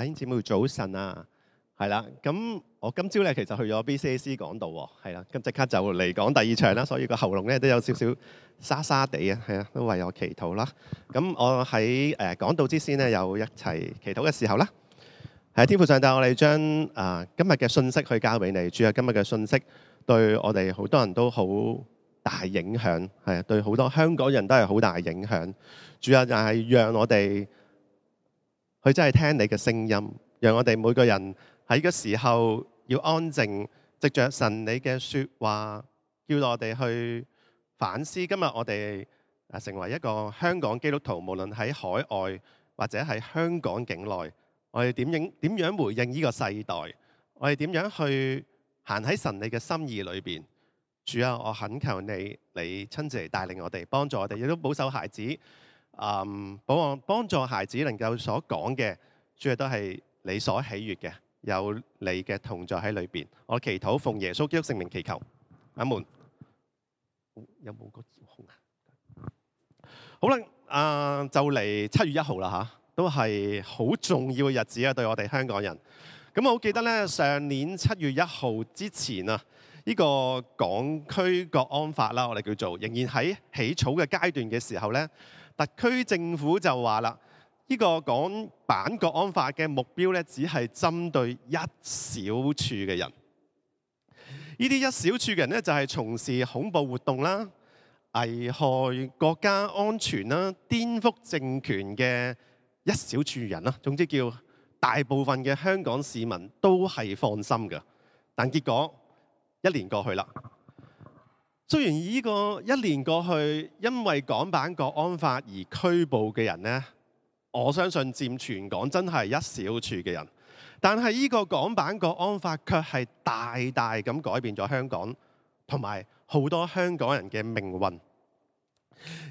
弟兄姊妹早晨啊，係啦，咁我今朝咧，其實去咗 BCAC 講道喎，係啦，咁即刻就嚟講第二場啦，所以個喉嚨咧都有少少沙沙地啊，係啊，都為我祈禱啦。咁我喺誒講道之先呢，有一齊祈禱嘅時候啦，喺天父上帝，我哋將啊、呃、今日嘅信息去交俾你，主啊，今日嘅信息對我哋好多人都好大影響，係啊，對好多香港人都係好大影響。主要就係讓我哋。佢真係聽你嘅聲音，讓我哋每個人喺個時候要安靜，藉着神你嘅說話，叫我哋去反思。今日我哋成為一個香港基督徒，無論喺海外或者喺香港境內，我哋點樣點樣回應呢個世代？我哋點樣去行喺神你嘅心意裏邊？主啊，我懇求你，你親自嚟帶領我哋，幫助我哋，亦都保守孩子。嗯，保望幫助孩子能夠所講嘅，主要都係你所喜悅嘅，有你嘅同在喺裏邊。我祈禱奉耶穌基督聖名祈求，阿門。有冇個字控？好啦，啊就嚟七月一號啦嚇，都係好重要嘅日子啊！對我哋香港人，咁我好記得咧，上年七月一號之前啊，呢個港區國安法啦，我哋叫做仍然喺起草嘅階段嘅時候咧。特區政府就話啦，呢、這個港版國安法嘅目標咧，只係針對一小處嘅人。呢啲一小處嘅人咧，就係從事恐怖活動啦、危害國家安全啦、顛覆政權嘅一小處人啦。總之叫大部分嘅香港市民都係放心㗎。但結果一年過去啦。雖然呢個一年過去，因為港版《國安法》而拘捕嘅人呢，我相信佔全港真係一小處嘅人，但係呢個港版《國安法》卻係大大咁改變咗香港同埋好多香港人嘅命運。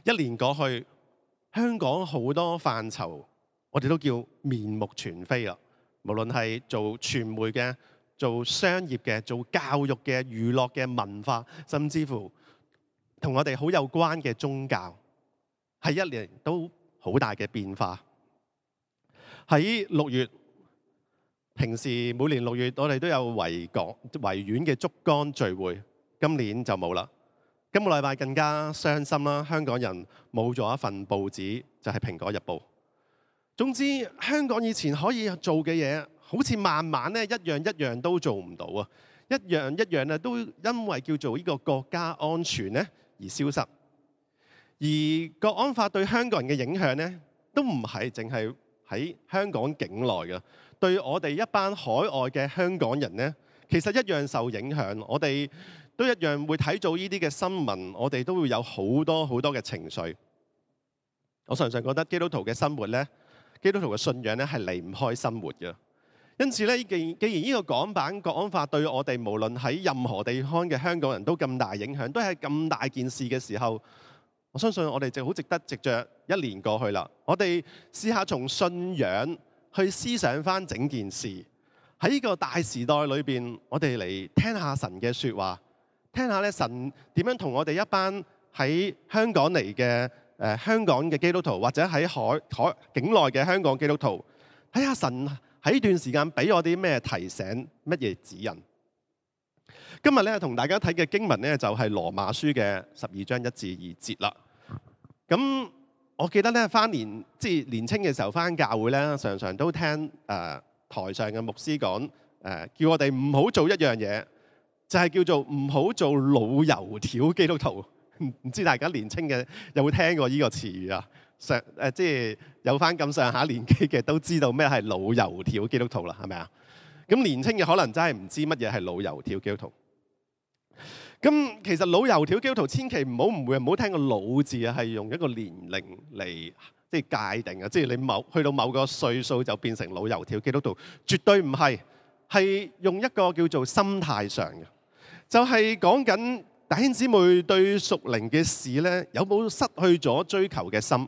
一年過去，香港好多範疇，我哋都叫面目全非啦。無論係做傳媒嘅。做商業嘅、做教育嘅、娛樂嘅、文化，甚至乎同我哋好有關嘅宗教，係一年都好大嘅變化。喺六月，平時每年六月我哋都有維港、維園嘅燭光聚會，今年就冇啦。今個禮拜更加傷心啦！香港人冇咗一份報紙，就係《蘋果日報》。總之，香港以前可以做嘅嘢。好似慢慢咧，一樣一樣都做唔到啊！一樣一樣咧，都因為叫做呢個國家安全咧而消失。而國安法對香港人嘅影響咧，都唔係淨係喺香港境內嘅。對我哋一班海外嘅香港人咧，其實一樣受影響。我哋都一樣會睇到呢啲嘅新聞，我哋都會有好多好多嘅情緒。我常常覺得基督徒嘅生活咧，基督徒嘅信仰咧，係離唔開生活嘅。因此呢既，既然既然呢個港版《國安法》對我哋無論喺任何地方嘅香港人都咁大影響，都係咁大件事嘅時候，我相信我哋就好值得藉着一年過去啦。我哋試下從信仰去思想翻整件事，喺呢個大時代裏面，我哋嚟聽一下神嘅説話，聽一下咧神點樣同我哋一班喺香港嚟嘅、呃、香港嘅基督徒，或者喺海海境內嘅香港基督徒，睇下神喺呢段時間俾我啲咩提醒？乜嘢指引？今日咧同大家睇嘅經文咧就係、是、羅馬書嘅十二章一至二節啦。咁我記得咧返年即係年青嘅時候返教會咧，常常都聽誒、呃、台上嘅牧師講誒、呃，叫我哋唔好做一樣嘢，就係、是、叫做唔好做老油條基督徒。唔知大家年青嘅有冇聽過呢個詞語啊？上誒、呃，即係有返咁上下年紀嘅都知道咩係老油條基督徒啦，係咪啊？咁年輕嘅可能真係唔知乜嘢係老油條基督徒。咁其實老油條基督徒千祈唔好唔會唔好聽個老字啊，係用一個年齡嚟即係界定嘅，即係你某去到某個歲數就變成老油條基督徒，絕對唔係，係用一個叫做心態上嘅，就係講緊大兄姊妹對屬靈嘅事咧，有冇失去咗追求嘅心？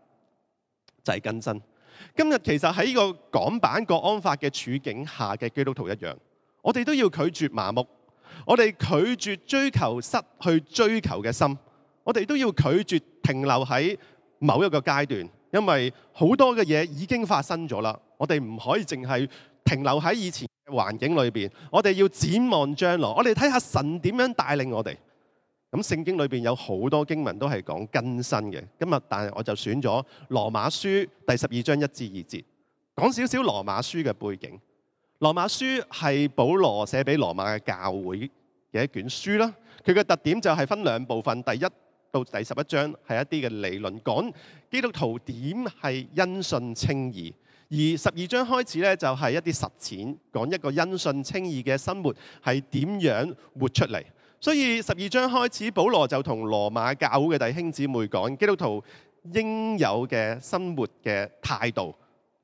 就係更新。今日其實喺呢個港版國安法嘅處境下嘅基督徒一樣，我哋都要拒絕麻木，我哋拒絕追求失去追求嘅心，我哋都要拒絕停留喺某一個階段，因為好多嘅嘢已經發生咗啦。我哋唔可以淨係停留喺以前嘅環境裏邊，我哋要展望將來，我哋睇下神點樣帶領我哋。咁聖經裏面有好多經文都係講更新嘅，今日但係我就選咗羅馬書第十二章一至二節，講少少羅馬書嘅背景。羅馬書係保羅寫畀羅馬嘅教會嘅一卷書啦，佢嘅特點就係分兩部分，第一到第十一章係一啲嘅理論，講基督徒點係因信稱義；而十二章開始呢就係一啲實踐，講一個因信稱義嘅生活係點樣活出嚟。所以十二章開始，保羅就同羅馬教會嘅弟兄姊妹講基督徒應有嘅生活嘅態度，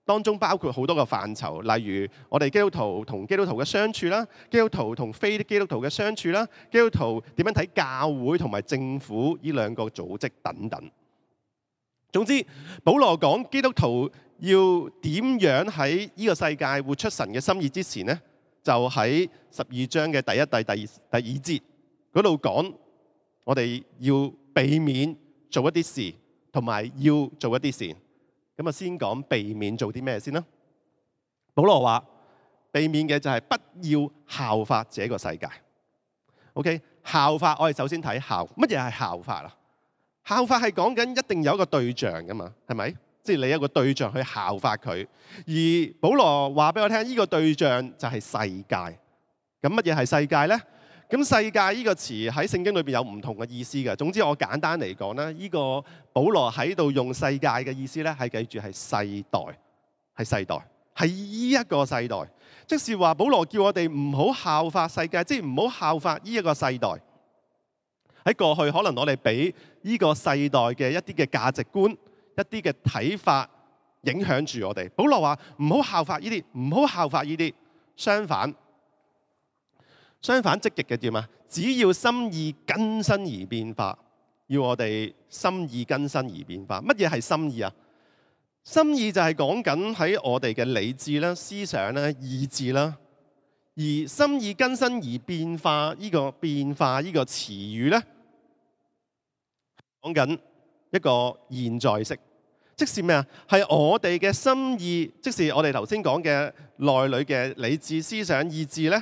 當中包括好多個範疇，例如我哋基督徒同基督徒嘅相處啦，基督徒同非基督徒嘅相處啦，基督徒點樣睇教會同埋政府呢兩個組織等等。總之，保羅講基督徒要點樣喺呢個世界活出神嘅心意之前呢，就喺十二章嘅第一、第第二、第二節。嗰度講，我哋要避免做一啲事，同埋要做一啲事，咁啊先講避免做啲咩先啦。保羅話避免嘅就係不要效法這個世界。OK，效法我哋首先睇效乜嘢係效法啦？效法係講緊一定有一個對象噶嘛，係咪？即係你有一個對象去效法佢。而保羅話俾我聽，呢個對象就係世界。咁乜嘢係世界咧？咁世界呢個詞喺聖經裏邊有唔同嘅意思嘅。總之我簡單嚟講咧，呢個保羅喺度用世界嘅意思咧係記住係世代，係世代，係呢一個世代。即是話保羅叫我哋唔好效法世界，即係唔好效法呢一個世代。喺過去可能我哋俾呢個世代嘅一啲嘅價值觀、一啲嘅睇法影響住我哋。保羅話唔好效法呢啲，唔好效法呢啲。相反，相反，積極嘅點啊？只要心意更新而變化，要我哋心意更新而變化。乜嘢係心意啊？心意就係講緊喺我哋嘅理智啦、思想啦、意志啦。而心意更新而變化，呢個變化、呢個詞語咧，講緊一個現在式，即是咩啊？係我哋嘅心意，即是我哋頭先講嘅內裏嘅理智、思想、意志咧。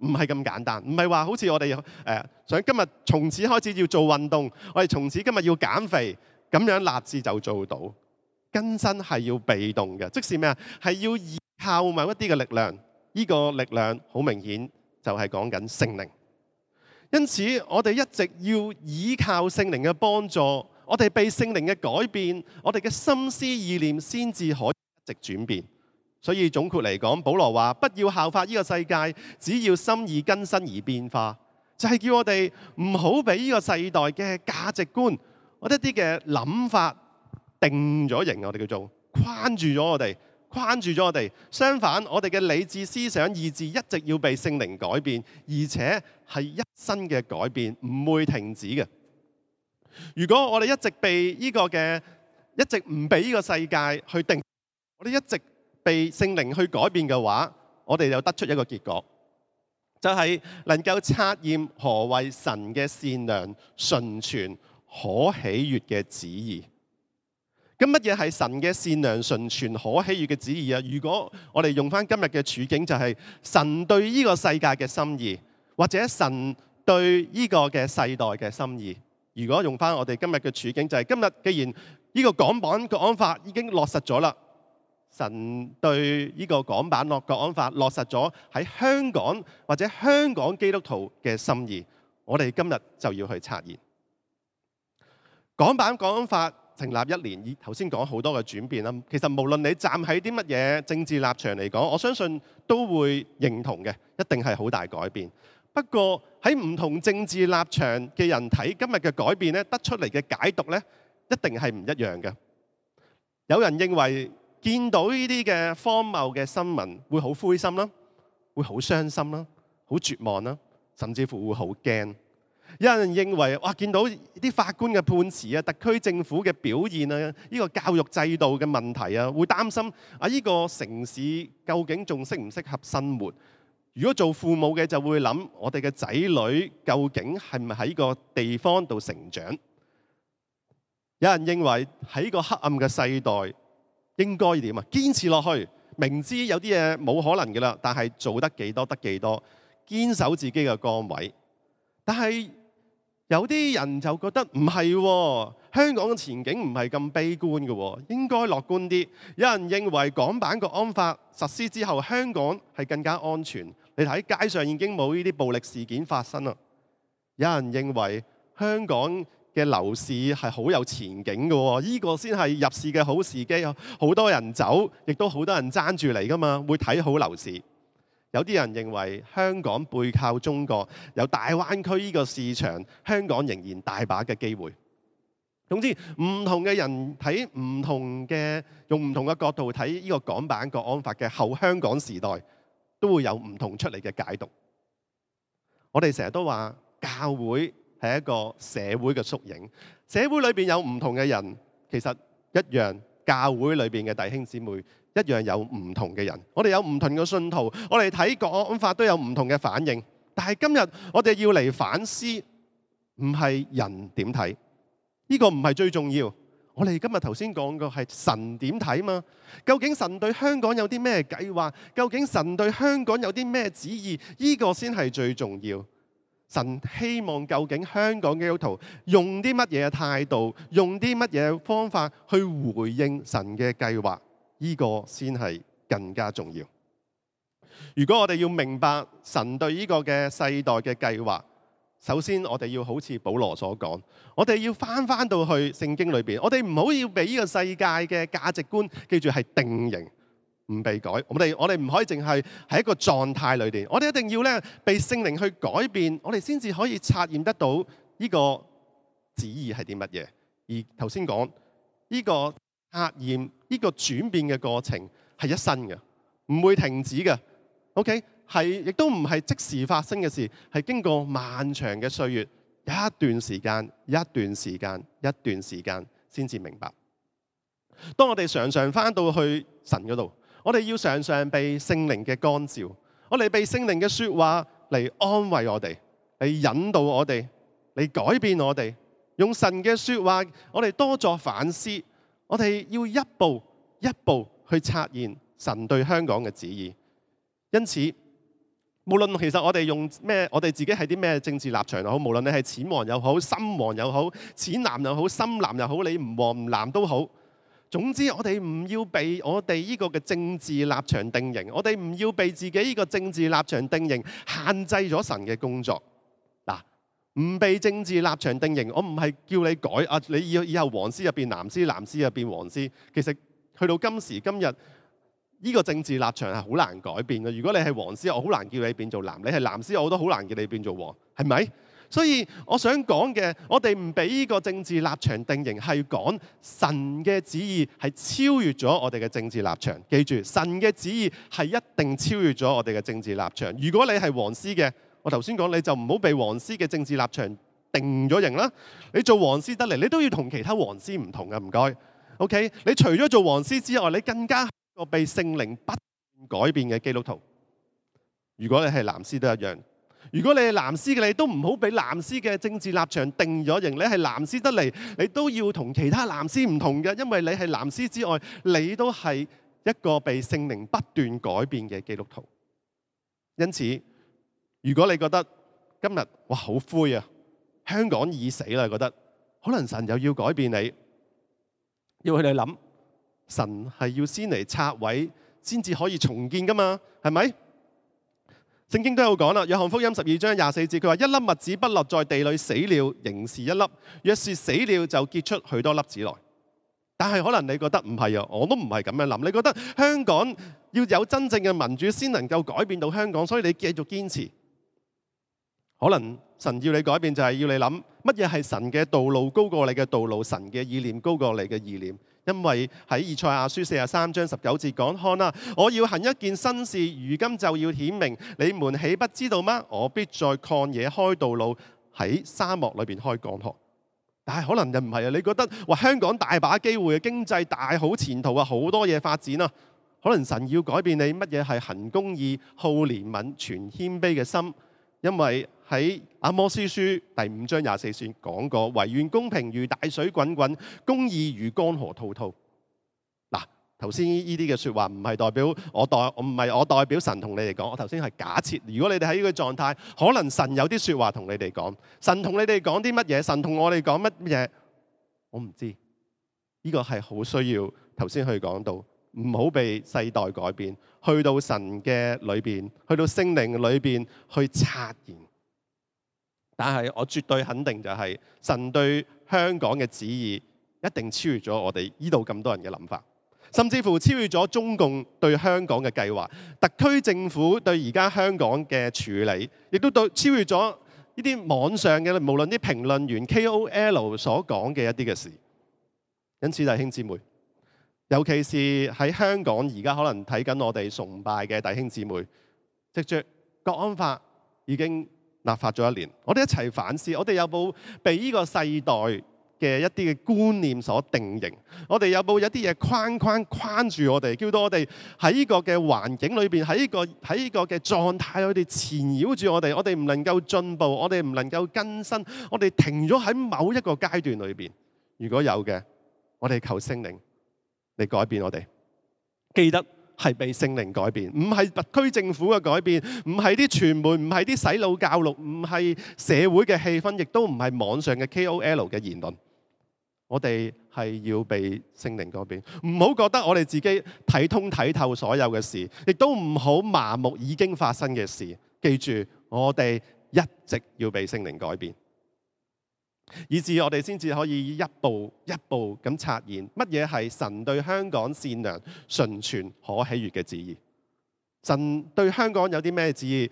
唔係咁簡單，唔係話好似我哋想今日從此開始要做運動，我哋從此今日要減肥，噉樣立志就做到。更新係要被動嘅，即是咩？係要依靠某一啲嘅力量。呢個力量好明顯就係講緊聖靈。因此，我哋一直要依靠聖靈嘅幫助，我哋被聖靈嘅改變，我哋嘅心思意念先至可以一直轉變。所以總括嚟講，保羅話：不要效法依個世界，只要心意更新而變化。就係、是、叫我哋唔好俾依個世代嘅價值觀，或者一啲嘅諗法定咗型，我哋叫做框住咗我哋，框住咗我哋。相反，我哋嘅理智、思想、意志一直要被聖靈改變，而且係一生嘅改變，唔會停止嘅。如果我哋一直被依個嘅，一直唔俾依個世界去定，我哋一直，被聖靈去改變嘅話，我哋就得出一個結果，就係、是、能夠測驗何為神嘅善良、純全、可喜悅嘅旨意。咁乜嘢係神嘅善良、純全、可喜悅嘅旨意啊？如果我哋用翻今日嘅處境，就係、是、神對呢個世界嘅心意，或者神對呢個嘅世代嘅心意。如果用翻我哋今日嘅處境，就係、是、今日既然呢個港版嘅國安法已經落實咗啦。神對呢個港版《落國安法》落實咗喺香港或者香港基督徒嘅心意，我哋今日就要去察驗港版《國安法》成立一年，頭先講好多嘅轉變啦。其實無論你站喺啲乜嘢政治立場嚟講，我相信都會認同嘅，一定係好大改變。不過喺唔同政治立場嘅人睇今日嘅改變咧，得出嚟嘅解讀咧，一定係唔一樣嘅。有人認為。見到呢啲嘅荒謬嘅新聞，會好灰心啦，會好傷心啦，好絕望啦，甚至乎會好驚。有人認為哇，見到啲法官嘅判詞啊，特區政府嘅表現啊，呢個教育制度嘅問題啊，會擔心啊呢個城市究竟仲適唔適合生活？如果做父母嘅就會諗，我哋嘅仔女究竟係咪喺個地方度成長？有人認為喺個黑暗嘅世代。應該點啊？堅持落去，明知有啲嘢冇可能嘅啦，但係做得幾多得幾多，堅守自己嘅崗位。但係有啲人就覺得唔係、哦，香港嘅前景唔係咁悲觀嘅，應該樂觀啲。有人認為港版國安法實施之後，香港係更加安全，你睇街上已經冇呢啲暴力事件發生啦。有人認為香港。嘅樓市係好有前景嘅、哦，依、呢個先係入市嘅好時機。好多人走，亦都好多人爭住嚟㗎嘛，會睇好樓市。有啲人認為香港背靠中國，有大灣區呢個市場，香港仍然大把嘅機會。總之，唔同嘅人睇唔同嘅，用唔同嘅角度睇呢、呢個港版《國安法》嘅後香港時代，都會有唔同出嚟嘅解讀。我哋成日都話教會。係一個社會嘅縮影，社會裏邊有唔同嘅人，其實一樣；教會裏邊嘅弟兄姊妹一樣有唔同嘅人。我哋有唔同嘅信徒，我哋睇國安法都有唔同嘅反應。但係今日我哋要嚟反思，唔係人點睇？呢個唔係最重要。我哋今日頭先講過係神點睇嘛？究竟神對香港有啲咩計劃？究竟神對香港有啲咩旨意？呢個先係最重要。神希望究竟香港基督徒用啲乜嘢態度，用啲乜嘢方法去回應神嘅計劃？呢個先係更加重要。如果我哋要明白神對呢個嘅世代嘅計劃，首先我哋要好似保羅所講，我哋要翻翻到去聖經裏邊，我哋唔好要俾呢個世界嘅價值觀記住係定型。唔被改，我哋我哋唔可以淨係喺一個狀態裏邊，我哋一定要咧被聖靈去改變，我哋先至可以察驗得到呢個旨意係啲乜嘢。而頭先講呢個察驗、呢個轉變嘅過程係一生嘅，唔會停止嘅。OK，係亦都唔係即時發生嘅事，係經過漫長嘅歲月，一段時間、一段時間、一段時間先至明白。當我哋常常翻到去神嗰度。我哋要常常被聖靈嘅光照，我哋被聖靈嘅說話嚟安慰我哋，嚟引導我哋，嚟改變我哋。用神嘅說話，我哋多作反思。我哋要一步一步去察驗神對香港嘅旨意。因此，無論其實我哋用咩，我哋自己係啲咩政治立場又好，無論你係淺黃又好、深黃又好、淺藍又好、深藍又好，你唔黃唔藍都好。總之，我哋唔要被我哋依個政治立場定型，我哋唔要被自己依個政治立場定型限制咗神嘅工作。嗱，唔被政治立場定型，我唔係叫你改。你以後黃絲入面、藍絲，藍絲入面、黃絲，其實去到今時今日，依個政治立場係好難改變嘅。如果你係黃絲，我好難叫你變做藍；你係藍絲，我都好難叫你變做黃。係咪？所以我想講嘅，我哋唔畀依個政治立場定型，係講神嘅旨意係超越咗我哋嘅政治立場。記住，神嘅旨意係一定超越咗我哋嘅政治立場。如果你係黃絲嘅，我頭先講你就唔好被黃絲嘅政治立場定咗型啦。你做黃絲得嚟，你都要同其他黃絲唔同嘅，唔該。OK，你除咗做黃絲之外，你更加個被聖靈不斷改變嘅基督徒。如果你係藍絲都一樣。如果你係藍絲嘅，你都唔好被藍絲嘅政治立場定咗型。你係藍絲得嚟，你都要同其他藍絲唔同嘅，因為你係藍絲之外，你都係一個被聖靈不斷改變嘅基督徒。因此，如果你覺得今日哇好灰啊，香港已死啦，覺得可能神又要改變你，要你諗，神係要先嚟拆毀，先至可以重建㗎嘛，係咪？聖經都有講啦，《約翰福音》十二章廿四節，佢話，一粒麥子不落在地裏死了，仍是一粒；若是死了，就結出許多粒子來。但係可能你覺得唔係啊，我都唔係咁樣諗。你覺得香港要有真正嘅民主，先能夠改變到香港，所以你繼續堅持。可能神要你改變，就係要你諗乜嘢係神嘅道路高過你嘅道路，神嘅意念高過你嘅意念。因為喺以賽亞書四十三章十九節講：看哪我要行一件新事，如今就要顯明。你們豈不知道嗎？我必在曠野開道路，喺沙漠裏面開江河。但係可能就唔係啊！你覺得哇香港大把機會啊，經濟大好前途啊，好多嘢發展啊。可能神要改變你乜嘢係行公義、好憐憫、存謙卑嘅心。因為喺阿摩司書第五章廿四節講過，唯願公平如大水滾滾，公義如江河滔滔。嗱，頭先呢啲嘅說話唔係代表我代，唔係我代表神同你哋講。我頭先係假設，如果你哋喺呢個狀態，可能神有啲說話同你哋講。神同你哋講啲乜嘢？神同我哋講乜嘢？我唔知道。呢、這個係好需要頭先去講到。唔好被世代改變，去到神嘅裏面，去到聖靈裏面去察驗。但係我絕對肯定就係、是、神對香港嘅旨意，一定超越咗我哋呢度咁多人嘅諗法，甚至乎超越咗中共對香港嘅計劃，特區政府對而家香港嘅處理，亦都超越咗呢啲網上嘅無論啲評論員 KOL 所講嘅一啲嘅事。因此，弟兄姊妹。尤其是喺香港，而家可能睇緊我哋崇拜嘅弟兄姊妹，直著國安法已經立法咗一年，我哋一齊反思，我哋有冇被呢個世代嘅一啲嘅觀念所定型？我哋有冇有啲嘢框框框住我哋，叫到我哋喺呢個嘅環境裏面，喺呢、這個喺呢個嘅狀態，佢哋纏繞住我哋，我哋唔能夠進步，我哋唔能夠更新，我哋停咗喺某一個階段裏面，如果有嘅，我哋求聖靈。你改變我哋，記得係被聖靈改變，唔係特區政府嘅改變，唔係啲傳媒，唔係啲洗腦教育，唔係社會嘅氣氛，亦都唔係網上嘅 KOL 嘅言論。我哋係要被聖靈改變，唔好覺得我哋自己睇通睇透所有嘅事，亦都唔好麻木已經發生嘅事。記住，我哋一直要被聖靈改變。以致我哋先至可以一步一步咁察驗，乜嘢係神對香港善良、純全、可喜悅嘅旨意？神對香港有啲咩旨意？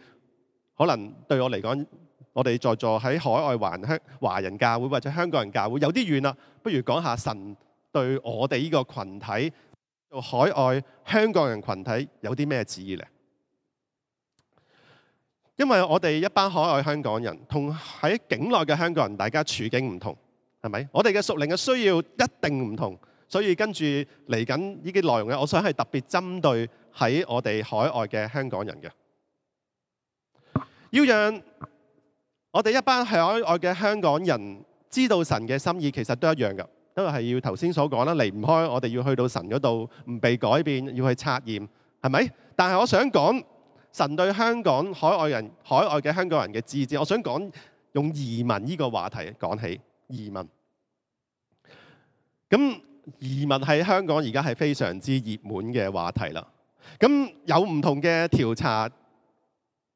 可能對我嚟講，我哋在座喺海外華、華人教會或者香港人教會有啲遠啦，不如講下神對我哋呢個群體，海外香港人群體有啲咩旨意呢？因為我哋一班海外香港人同喺境內嘅香港人，大家處境唔同，係咪？我哋嘅屬靈嘅需要一定唔同，所以跟住嚟緊呢啲內容咧，我想係特別針對喺我哋海外嘅香港人嘅。要讓我哋一班海外嘅香港人知道神嘅心意，其實都一樣㗎，都係要頭先所講啦，離唔開我哋要去到神嗰度，唔被改變，要去測驗，係咪？但係我想講。神對香港海外人、海外嘅香港人嘅自治，我想講用移民呢個話題講起移民。咁移民喺香港而家係非常之熱門嘅話題啦。咁有唔同嘅調查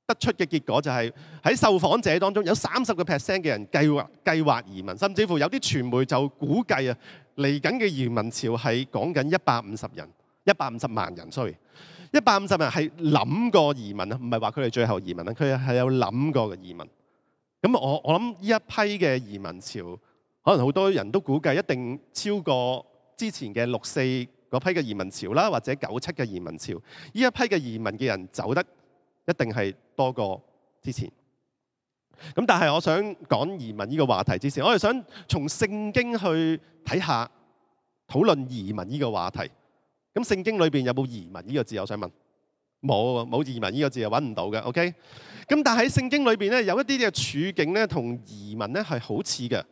得出嘅結果就係：喺受訪者當中有三十個 percent 嘅人計劃計劃移民，甚至乎有啲傳媒就估計啊嚟緊嘅移民潮係講緊一百五十人、一百五十萬人，Sorry。一百五十萬人係諗過移民啊，唔係話佢哋最後移民啊，佢係有諗過嘅移民。咁我我諗呢一批嘅移民潮，可能好多人都估計一定超過之前嘅六四嗰批嘅移民潮啦，或者九七嘅移民潮。呢一批嘅移民嘅人走得一定係多過之前。咁但係我想講移民呢個話題之前，我哋想從聖經去睇下討論移民呢個話題。咁聖經裏邊有冇移民呢個字？我想問，冇冇移民呢個字啊，揾唔到嘅。OK，咁但喺聖經裏邊咧，有一啲嘅處境咧，同移民咧係好似嘅。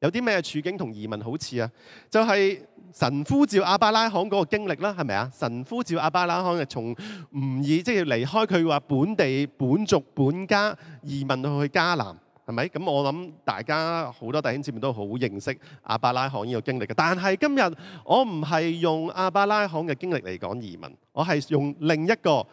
有啲咩處境同移民好似啊？就係、是、神呼召亞伯拉罕嗰個經歷啦，係咪啊？神呼召亞伯拉罕係從吾珥即係離開佢話本地本族本家移民去迦南。係咪咁？我諗大家好多弟兄姐妹都好認識亞伯拉罕呢個經歷嘅。但係今日我唔係用亞伯拉罕嘅經歷嚟講移民，我係用另一個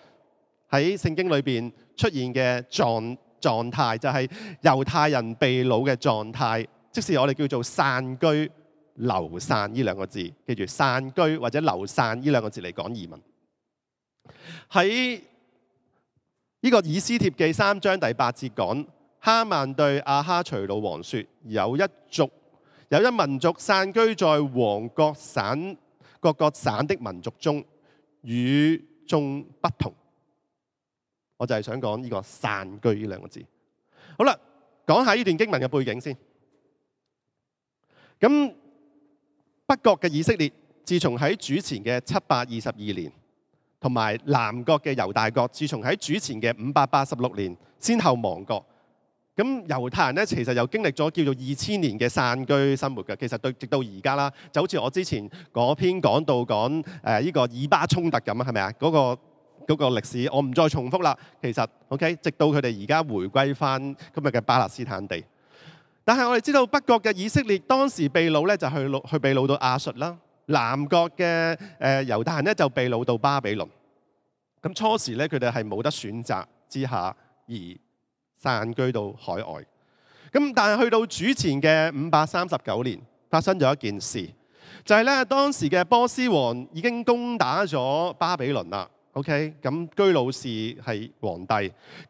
喺聖經裏邊出現嘅狀狀態，就係、是、猶太人被擄嘅狀態，即係我哋叫做散居流散呢兩個字。記住散居或者流散呢兩個字嚟講移民，喺呢個以斯帖記三章第八節講。哈曼對阿、啊、哈隨魯王說：有一族，有一民族散居在王國省各個省的民族中，與眾不同。我就係想講呢個散居呢兩個字。好啦，講下呢段經文嘅背景先。咁北國嘅以色列自從喺主前嘅七百二十二年，同埋南國嘅猶大國自從喺主前嘅五百八,八十六年，先後亡國。咁猶太人咧，其實又經歷咗叫做二千年嘅散居生活嘅。其實對，直到而家啦，就好似我之前嗰篇講到講誒呢個以巴衝突咁，係咪啊？嗰個嗰個歷史，我唔再重複啦。其實，OK，直到佢哋而家回歸翻今日嘅巴勒斯坦地。但係我哋知道北國嘅以色列當時被擄咧，就去去被擄到亞述啦；南國嘅誒猶太人咧，就被擄到巴比倫。咁初時咧，佢哋係冇得選擇之下而。散居到海外，咁但係去到主前嘅五百三十九年，發生咗一件事，就係、是、咧當時嘅波斯王已經攻打咗巴比倫啦。OK，咁居魯士係皇帝，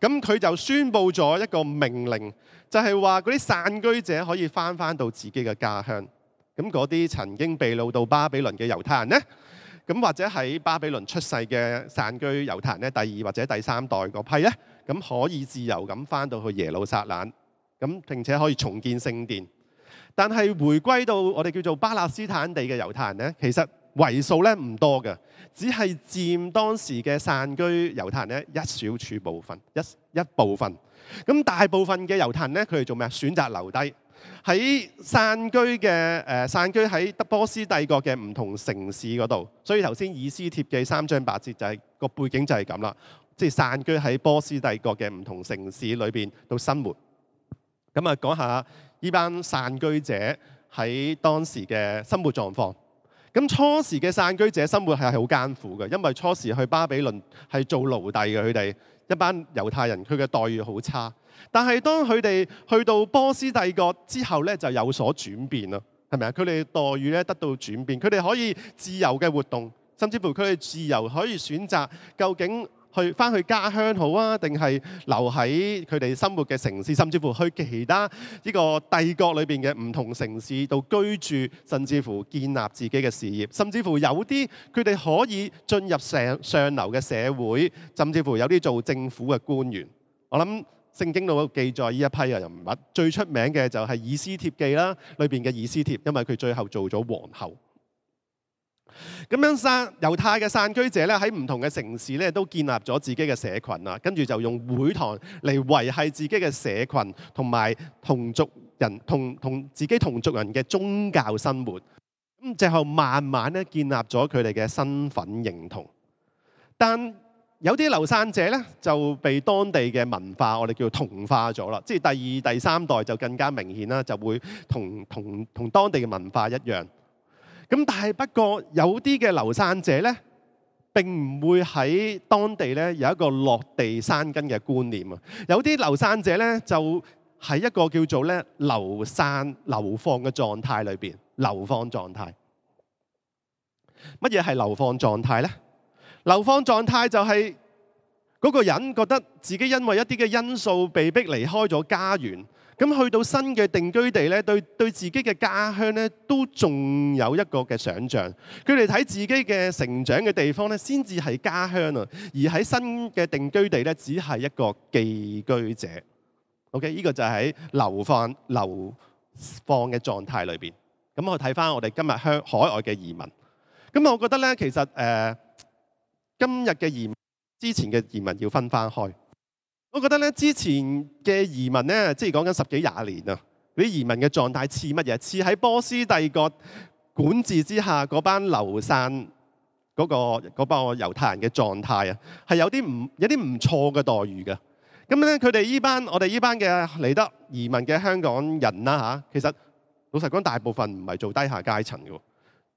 咁佢就宣佈咗一個命令，就係話嗰啲散居者可以翻翻到自己嘅家鄉。咁嗰啲曾經避難到巴比倫嘅猶太人呢，咁或者喺巴比倫出世嘅散居猶太人咧，第二或者第三代嗰批咧。咁可以自由咁翻到去耶路撒冷，咁並且可以重建聖殿。但係回歸到我哋叫做巴勒斯坦地嘅猶太人咧，其實為數咧唔多嘅，只係佔當時嘅散居猶太人咧一小處部分，一一部分。咁大部分嘅猶太人咧，佢哋做咩啊？選擇留低喺散居嘅誒散居喺德波斯帝國嘅唔同城市嗰度。所以頭先以斯帖記三章八節就係、是、個背景就係咁啦。即係散居喺波斯帝國嘅唔同城市裏面到生活，咁啊講下呢班散居者喺當時嘅生活狀況。咁初時嘅散居者生活係好艱苦嘅，因為初時去巴比倫係做奴隸嘅，佢哋一班猶太人，佢嘅待遇好差。但係當佢哋去到波斯帝國之後呢，就有所轉變啦，係咪啊？佢哋待遇咧得到轉變，佢哋可以自由嘅活動，甚至乎佢哋自由可以選擇究竟。去翻去家鄉好啊，定係留喺佢哋生活嘅城市，甚至乎去其他呢個帝國裏面嘅唔同城市度居住，甚至乎建立自己嘅事業，甚至乎有啲佢哋可以進入上上流嘅社會，甚至乎有啲做政府嘅官員。我諗聖經度都記載呢一批人物，最出名嘅就係以斯帖記啦，裏面嘅以斯帖，因為佢最後做咗皇后。咁樣散猶太嘅散居者咧，喺唔同嘅城市咧，都建立咗自己嘅社群啦。跟住就用會堂嚟維繫自己嘅社群同埋同族人同同，同自己同族人嘅宗教生活。咁最後慢慢咧建立咗佢哋嘅身份認同。但有啲流散者咧，就被當地嘅文化，我哋叫同化咗啦。即係第二、第三代就更加明顯啦，就會同同同，同當地嘅文化一樣。咁但係不過有啲嘅流散者呢，並唔會喺當地呢有一個落地生根嘅觀念。有啲流散者呢，就喺一個叫做咧流散流放嘅狀態裏面。流放狀態。乜嘢係流放狀態呢？流放狀態就係嗰個人覺得自己因為一啲嘅因素被迫離開咗家園。咁去到新嘅定居地咧，對對自己嘅家鄉咧，都仲有一個嘅想象。佢哋睇自己嘅成長嘅地方咧，先至係家鄉啊，而喺新嘅定居地咧，只係一個寄居者。OK，呢個就係流放、流放嘅狀態裏面。咁我睇翻我哋今日香海外嘅移民。咁我覺得咧，其實、呃、今日嘅移民，之前嘅移民要分翻開。我覺得咧，之前嘅移民咧，即係講緊十幾廿年啊，啲移民嘅狀態似乜嘢？似喺波斯帝國管治之下嗰班流散嗰、嗰個嗰個猶太人嘅狀態啊，係有啲唔有啲唔錯嘅待遇嘅。咁咧，佢哋依班我哋依班嘅嚟得移民嘅香港人啦吓，其實老實講，大部分唔係做低下階層嘅，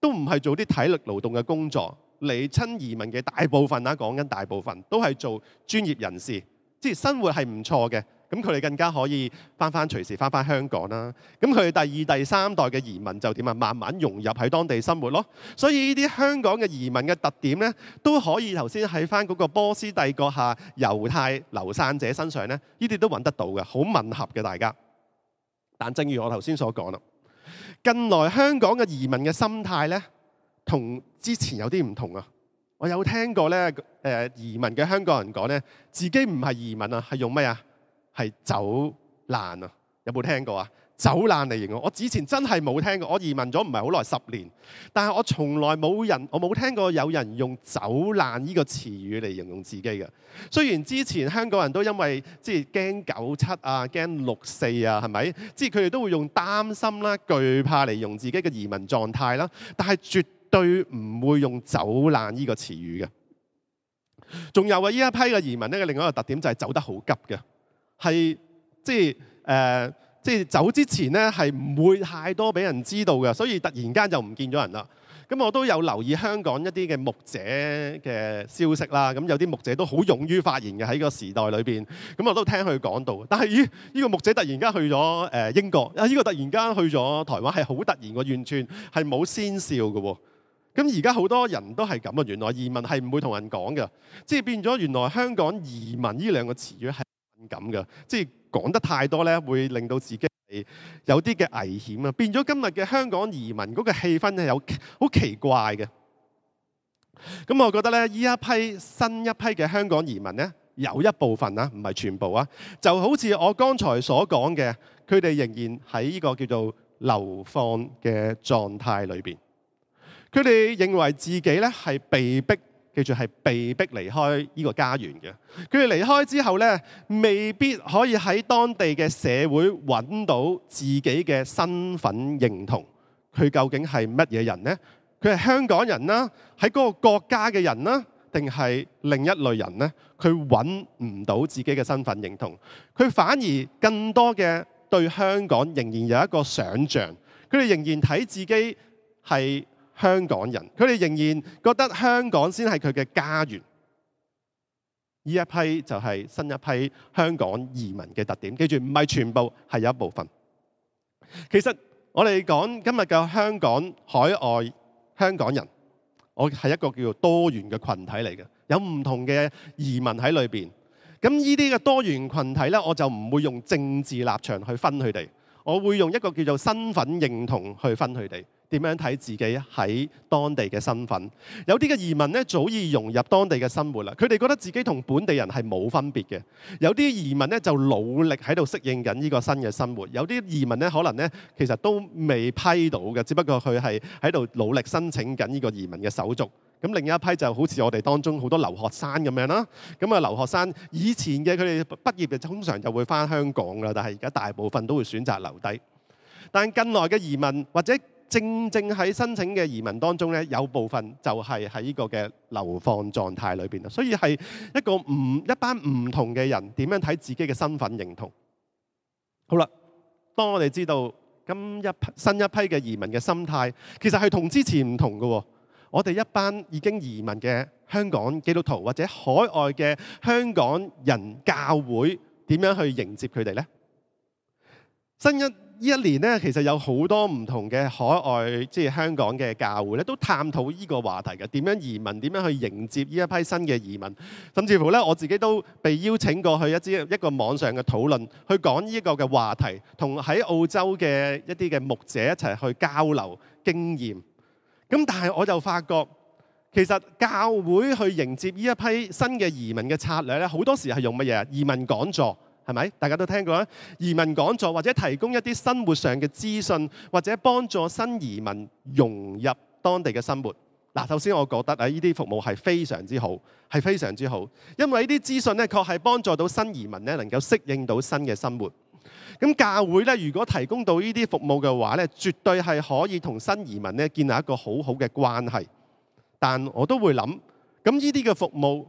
都唔係做啲體力勞動嘅工作。嚟親移民嘅大部分啊，講緊大部分都係做專業人士。即係生活係唔錯嘅，咁佢哋更加可以翻翻隨時翻翻香港啦。咁佢哋第二第三代嘅移民就點啊？慢慢融入喺當地生活咯。所以呢啲香港嘅移民嘅特點咧，都可以頭先喺翻嗰個波斯帝國下猶太流散者身上咧，呢啲都揾得到嘅，好吻合嘅大家。但正如我頭先所講啦，近來香港嘅移民嘅心態咧，同之前有啲唔同啊。我有聽過咧，誒、呃、移民嘅香港人講咧，自己唔係移民啊，係用咩啊？係走難啊！有冇聽過啊？走難嚟形容。我之前真係冇聽過，我移民咗唔係好耐，十年，但係我從來冇人，我冇聽過有人用走難呢個詞語嚟形容自己嘅。雖然之前香港人都因為即係驚九七啊，驚六四啊，係咪？即係佢哋都會用擔心啦、懼怕嚟形容自己嘅移民狀態啦。但係絕對唔會用走難呢個詞語嘅，仲有啊！呢一批嘅移民咧嘅另外一個特點就係走得好急嘅，係即係誒，即係走之前咧係唔會太多俾人知道嘅，所以突然間就唔見咗人啦。咁我都有留意香港一啲嘅牧者嘅消息啦，咁有啲牧者都好勇於發言嘅喺個時代裏邊，咁我都聽佢講到。但係咦呢個牧者突然間去咗誒英國，啊呢個突然間去咗台灣係好突然嘅完全，係冇先兆嘅喎。咁而家好多人都係咁啊！原來移民係唔會同人講嘅，即係變咗原來香港移民呢兩個詞語係敏感嘅，即係講得太多咧，會令到自己有啲嘅危險啊！變咗今日嘅香港移民嗰個氣氛係有好奇怪嘅。咁我覺得咧，依一批新一批嘅香港移民咧，有一部分啊，唔係全部啊，就好似我剛才所講嘅，佢哋仍然喺呢個叫做流放嘅狀態裏邊。佢哋認為自己咧係被逼，記住係被逼離開呢個家園嘅。佢哋離開之後咧，未必可以喺當地嘅社會揾到自己嘅身份認同。佢究竟係乜嘢人呢？佢係香港人啦，喺嗰個國家嘅人啦，定係另一類人呢？佢揾唔到自己嘅身份認同，佢反而更多嘅對香港仍然有一個想像。佢哋仍然睇自己係。香港人，佢哋仍然覺得香港先係佢嘅家園。呢一批就係新一批香港移民嘅特點，記住唔係全部，係一部分。其實我哋講今日嘅香港海外香港人，我係一個叫做多元嘅群體嚟嘅，有唔同嘅移民喺裏面。咁呢啲嘅多元群體呢，我就唔會用政治立場去分佢哋，我會用一個叫做身份認同去分佢哋。點樣睇自己喺當地嘅身份？有啲嘅移民咧早已融入當地嘅生活啦，佢哋覺得自己同本地人係冇分別嘅。有啲移民咧就努力喺度適應緊呢個新嘅生活。有啲移民咧可能咧其實都未批到嘅，只不過佢係喺度努力申請緊呢個移民嘅手續。咁另一批就好似我哋當中好多留學生咁樣啦。咁啊，留學生以前嘅佢哋畢業嘅通常就會返香港㗎啦，但係而家大部分都會選擇留低。但近來嘅移民或者，正正喺申請嘅移民當中咧，有部分就係喺呢個嘅流放狀態裏面啦。所以係一個唔一班唔同嘅人點樣睇自己嘅身份認同。好啦，當我哋知道今一新一批嘅移民嘅心態，其實係同之前唔同嘅。我哋一班已經移民嘅香港基督徒或者海外嘅香港人教會點樣去迎接佢哋呢？新一呢一年呢，其實有好多唔同嘅海外，即係香港嘅教會咧，都探討呢個話題嘅點樣移民，點樣去迎接呢一批新嘅移民，甚至乎咧我自己都被邀請過去一啲一個網上嘅討論，去講呢個嘅話題，同喺澳洲嘅一啲嘅牧者一齊去交流經驗。咁但係我就發覺，其實教會去迎接呢一批新嘅移民嘅策略咧，好多時係用乜嘢？移民講座。係咪？大家都聽過啦。移民講座或者提供一啲生活上嘅資訊，或者幫助新移民融入當地嘅生活。嗱，頭先我覺得啊，呢啲服務係非常之好，係非常之好，因為呢啲資訊咧，確係幫助到新移民咧，能夠適應到新嘅生活。咁教會咧，如果提供到呢啲服務嘅話咧，絕對係可以同新移民咧建立一個好好嘅關係。但我都會諗，咁呢啲嘅服務，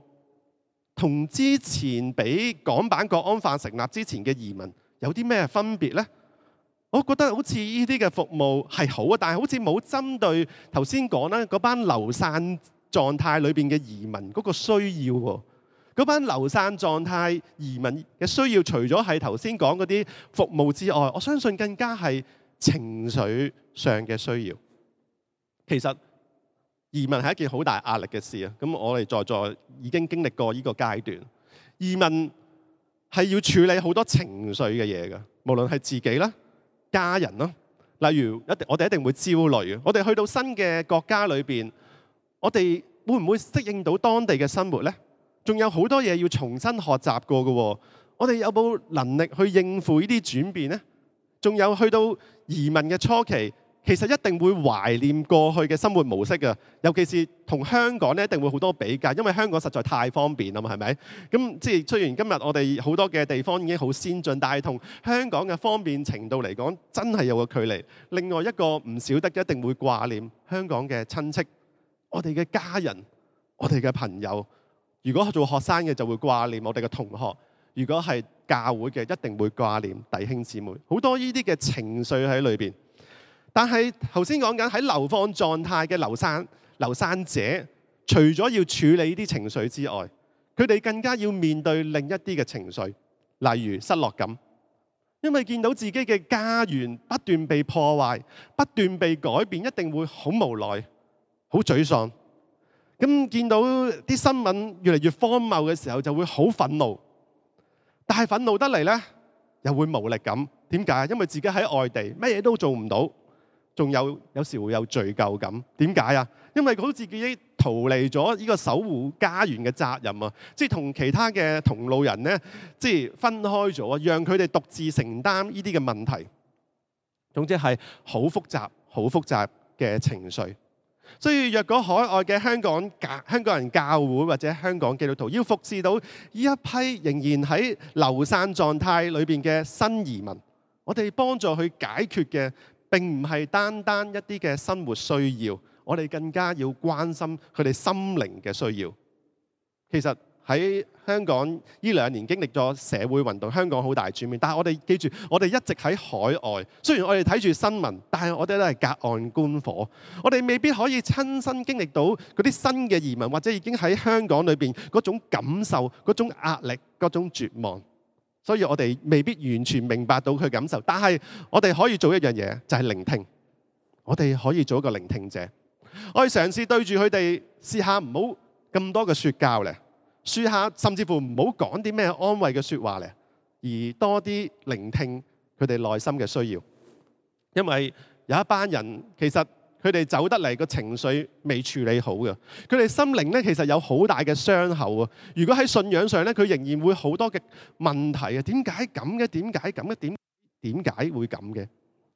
同之前俾港版國安法成立之前嘅移民有啲咩分別呢？我覺得好似呢啲嘅服務係好啊，但係好似冇針對頭先講啦嗰班流散狀態裏邊嘅移民嗰個需要喎。嗰班流散狀態移民嘅需要，嘅需要除咗係頭先講嗰啲服務之外，我相信更加係情緒上嘅需要。其實。移民係一件好大壓力嘅事啊！咁我哋在座已經經歷過呢個階段，移民係要處理好多情緒嘅嘢㗎，無論係自己啦、家人囉，例如一定我哋一定會焦慮。我哋去到新嘅國家裏面，我哋會唔會適應到當地嘅生活呢？仲有好多嘢要重新學習過嘅喎，我哋有冇能力去應付呢啲轉變呢？仲有去到移民嘅初期。其實一定會懷念過去嘅生活模式嘅，尤其是同香港呢，一定會好多比較，因為香港實在太方便啦嘛，係咪？咁即係雖然今日我哋好多嘅地方已經好先進，但係同香港嘅方便程度嚟講，真係有個距離。另外一個唔少得，一定會掛念香港嘅親戚、我哋嘅家人、我哋嘅朋友。如果係做學生嘅，就會掛念我哋嘅同學；如果係教會嘅，一定會掛念弟兄姊妹。好多呢啲嘅情緒喺裏面。但係頭先講緊喺流放狀態嘅流散流散者，除咗要處理啲情緒之外，佢哋更加要面對另一啲嘅情緒，例如失落感，因為見到自己嘅家園不斷被破壞、不斷被改變，一定會好無奈、好沮喪。咁見到啲新聞越嚟越荒謬嘅時候，就會好憤怒。但係憤怒得嚟呢，又會無力感。點解？因為自己喺外地，咩嘢都做唔到。仲有有時會有罪疚感，點解啊？因為好似佢已經逃離咗呢個守護家園嘅責任啊！即係同其他嘅同路人咧，即係分開咗啊，讓佢哋獨自承擔呢啲嘅問題。總之係好複雜、好複雜嘅情緒。所以若果海外嘅香港教香港人教會或者香港基督徒要服侍到呢一批仍然喺流散狀態裏邊嘅新移民，我哋幫助佢解決嘅。並唔係單單一啲嘅生活需要，我哋更加要關心佢哋心靈嘅需要。其實喺香港呢兩年經歷咗社會運動，香港好大轉變。但係我哋記住，我哋一直喺海外。雖然我哋睇住新聞，但係我哋都係隔岸觀火。我哋未必可以親身經歷到嗰啲新嘅移民或者已經喺香港裏面嗰種感受、嗰種壓力、嗰種絕望。所以我哋未必完全明白到佢感受，但係我哋可以做一樣嘢，就係聆聽。我哋可以做一個聆聽者，我哋嘗試對住佢哋試下唔好咁多嘅説教咧，説下甚至乎唔好講啲咩安慰嘅説話咧，而多啲聆聽佢哋內心嘅需要，因為有一班人其實。佢哋走得嚟個情緒未處理好嘅，佢哋心靈咧其實有好大嘅傷口啊！如果喺信仰上咧，佢仍然會好多嘅問題啊！點解咁嘅？點解咁嘅？點點解會咁嘅？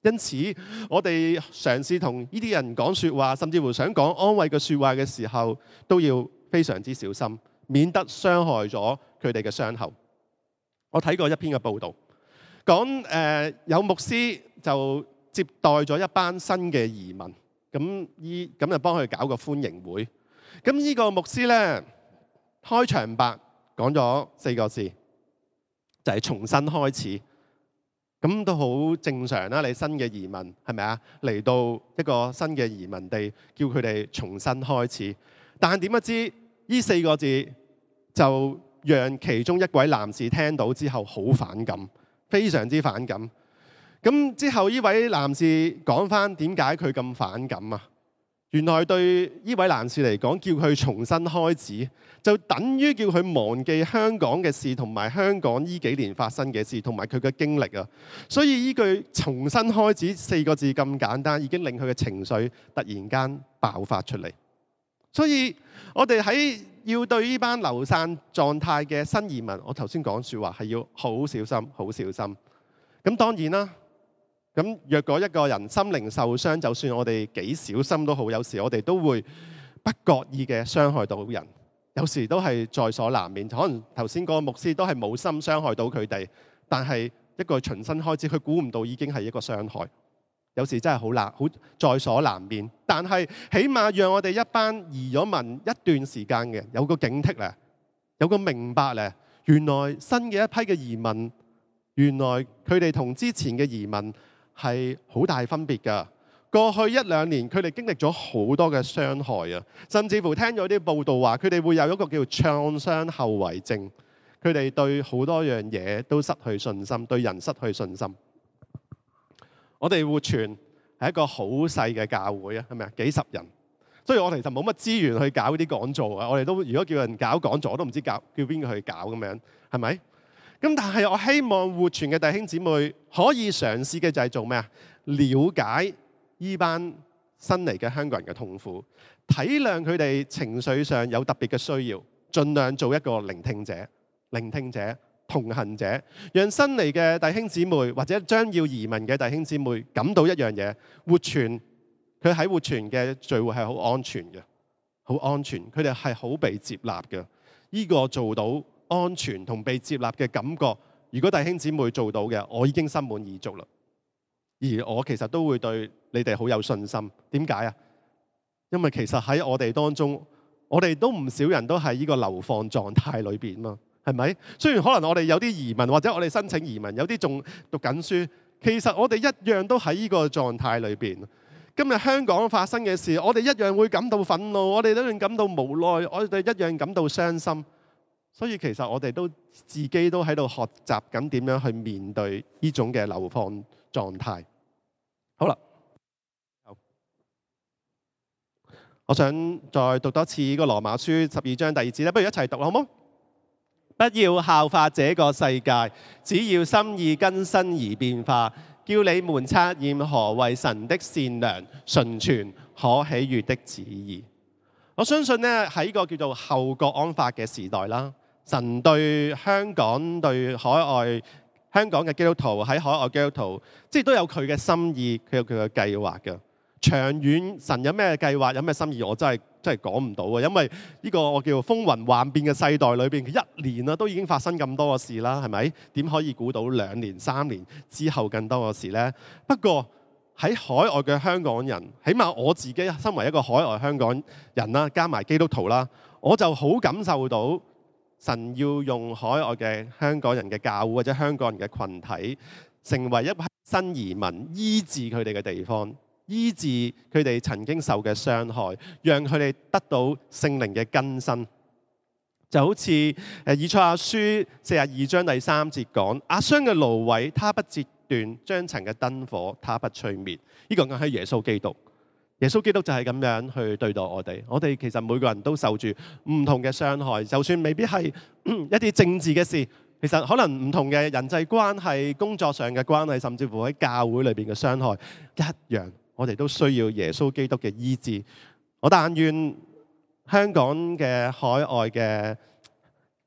因此，我哋嘗試同呢啲人講説話，甚至乎想講安慰嘅説話嘅時候，都要非常之小心，免得傷害咗佢哋嘅傷口。我睇過一篇嘅報道，講誒、呃、有牧師就接待咗一班新嘅移民。咁依咁就幫佢搞個歡迎會。咁呢個牧師咧，開場白講咗四個字，就係重新開始。咁都好正常啦，你新嘅移民係咪啊？嚟到一個新嘅移民地，叫佢哋重新開始。但點不知呢四個字就讓其中一位男士聽到之後好反感，非常之反感。咁之後，呢位男士講翻點解佢咁反感啊？原來對呢位男士嚟講，叫佢重新開始，就等於叫佢忘記香港嘅事，同埋香港呢幾年發生嘅事，同埋佢嘅經歷啊！所以依句重新開始四個字咁簡單，已經令佢嘅情緒突然間爆發出嚟。所以我哋喺要對呢班流散狀態嘅新移民，我頭先講説話係要好小心，好小心。咁當然啦。咁若果一個人心靈受傷，就算我哋幾小心都好，有時我哋都會不覺意嘅傷害到人。有時都係在所難免。可能頭先嗰個牧師都係冇心傷害到佢哋，但係一個重新開始，佢估唔到已經係一個傷害。有時真係好難，好在所難免。但係起碼讓我哋一班移咗民一段時間嘅，有個警惕咧，有個明白咧，原來新嘅一批嘅移民，原來佢哋同之前嘅移民，係好大分別㗎。過去一兩年，佢哋經歷咗好多嘅傷害啊，甚至乎聽咗啲報道話，佢哋會有一個叫創傷後遺症。佢哋對好多樣嘢都失去信心，對人失去信心。我哋活泉係一個好細嘅教會啊，係咪啊？幾十人，所以我哋其實冇乜資源去搞啲講座啊。我哋都如果叫人搞講座，我都唔知搞叫邊個去搞咁樣，係咪？咁但係我希望活泉嘅弟兄姊妹可以嘗試嘅就係做咩啊？了解依班新嚟嘅香港人嘅痛苦，體諒佢哋情緒上有特別嘅需要，盡量做一個聆聽者、聆聽者、同行者，讓新嚟嘅弟兄姊妹或者將要移民嘅弟兄姊妹感到一樣嘢，活泉佢喺活泉嘅聚會係好安全嘅，好安全，佢哋係好被接納嘅，呢個做到。安全同被接納嘅感覺，如果弟兄姊妹做到嘅，我已經心滿意足了。而我其實都會對你哋好有信心。點解啊？因為其實喺我哋當中，我哋都唔少人都喺呢個流放狀態裏面嘛，係咪？雖然可能我哋有啲移民或者我哋申請移民，有啲仲讀緊書，其實我哋一樣都喺呢個狀態裏面。今日香港發生嘅事，我哋一樣會感到憤怒，我哋一樣感到無奈，我哋一樣感到傷心。所以其實我哋都自己都喺度學習緊點樣去面對呢種嘅流放狀態。好啦，我想再讀多次《個羅馬書》十二章第二節，不如一齊讀好唔好？不要效法這個世界，只要心意更新而變化，叫你們察驗何為神的善良、純全、可喜悅的旨意。我相信呢，喺個叫做後國安法嘅時代啦。神對香港對海外香港嘅基督徒喺海外基督徒，即係都有佢嘅心意，佢有佢嘅計劃嘅。長遠神有咩計劃，有咩心意，我真係真係講唔到，因為呢個我叫風雲幻變嘅世代裏邊，一年啦都已經發生咁多個事啦，係咪？點可以估到兩年、三年之後更多個事呢？不過喺海外嘅香港人，起碼我自己身為一個海外香港人啦，加埋基督徒啦，我就好感受到。神要用海外嘅香港人嘅教會或者香港人嘅群體，成為一新移民醫治佢哋嘅地方，醫治佢哋曾經受嘅傷害，讓佢哋得到聖靈嘅更新，就好似誒以賽亞書四十二章第三節講：壓傷嘅蘆葦，他不折斷；將殘嘅燈火，他不吹滅。呢、這個梗係耶穌基督。耶穌基督就是這樣去對待我們，我們其實每個人都受着不同的傷害，就算未必是一些政治的事，其實可能不同的人際關係、工作上的關係，甚至乎在教會裏面的傷害，一樣我們都需要耶穌基督的醫治。我但願香港的海外的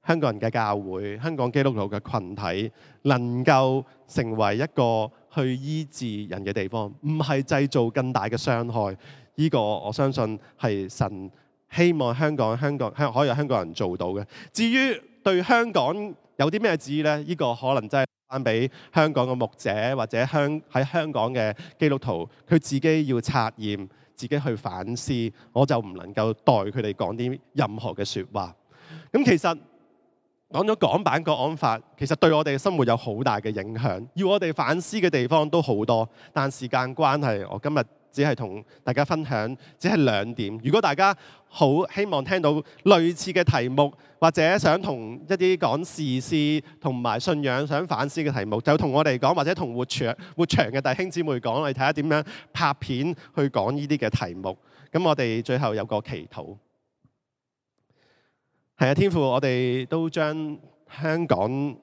香港人的教會、香港基督徒的群體能夠成為一個去醫治人嘅地方，唔係製造更大嘅傷害。呢、這個我相信係神希望香港、香港、香可以有香港人做到嘅。至於對香港有啲咩旨意呢？依、這個可能真係翻俾香港嘅牧者或者香喺香港嘅基督徒，佢自己要察驗自己去反思。我就唔能夠代佢哋講啲任何嘅說話，咁其實。講咗港版國安法，其實對我哋嘅生活有好大嘅影響，要我哋反思嘅地方都好多。但時間關係，我今日只係同大家分享，只係兩點。如果大家好希望聽到類似嘅題目，或者想同一啲講時事同埋信仰想反思嘅題目，就同我哋講，或者同活場的嘅弟兄姐妹講，你睇下點樣拍片去講呢啲嘅題目。咁我哋最後有個祈禱。係啊，天父，我哋都將香港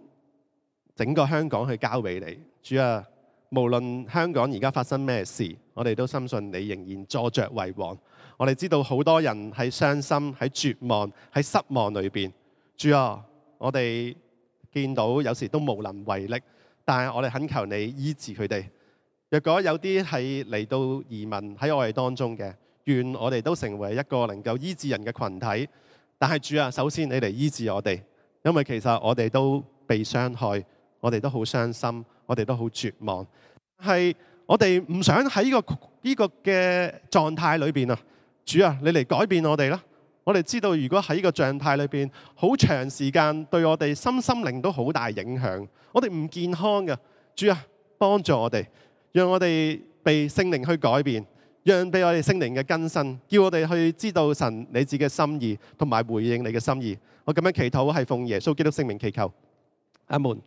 整個香港去交俾你，主啊！無論香港而家發生咩事，我哋都深信你仍然坐著為王。我哋知道好多人喺傷心、喺絕望、喺失望裏邊，主啊！我哋見到有時都無能為力，但係我哋懇求你醫治佢哋。若果有啲係嚟到移民喺我哋當中嘅，願我哋都成為一個能夠醫治人嘅群體。但係主啊，首先你嚟醫治我哋，因為其實我哋都被傷害，我哋都好傷心，我哋都好絕望。係我哋唔想喺呢、這個、這個嘅狀態裏邊啊，主啊，你嚟改變我哋啦！我哋知道如果喺呢個狀態裏邊，好長時間對我哋心心靈都好大影響，我哋唔健康㗎。主啊，幫助我哋，讓我哋被聖靈去改變。讓俾我哋聖靈嘅更新，叫我哋去知道神你自己嘅心意，同埋回應你嘅心意。我咁樣祈禱，係奉耶穌基督聖名祈求，阿門。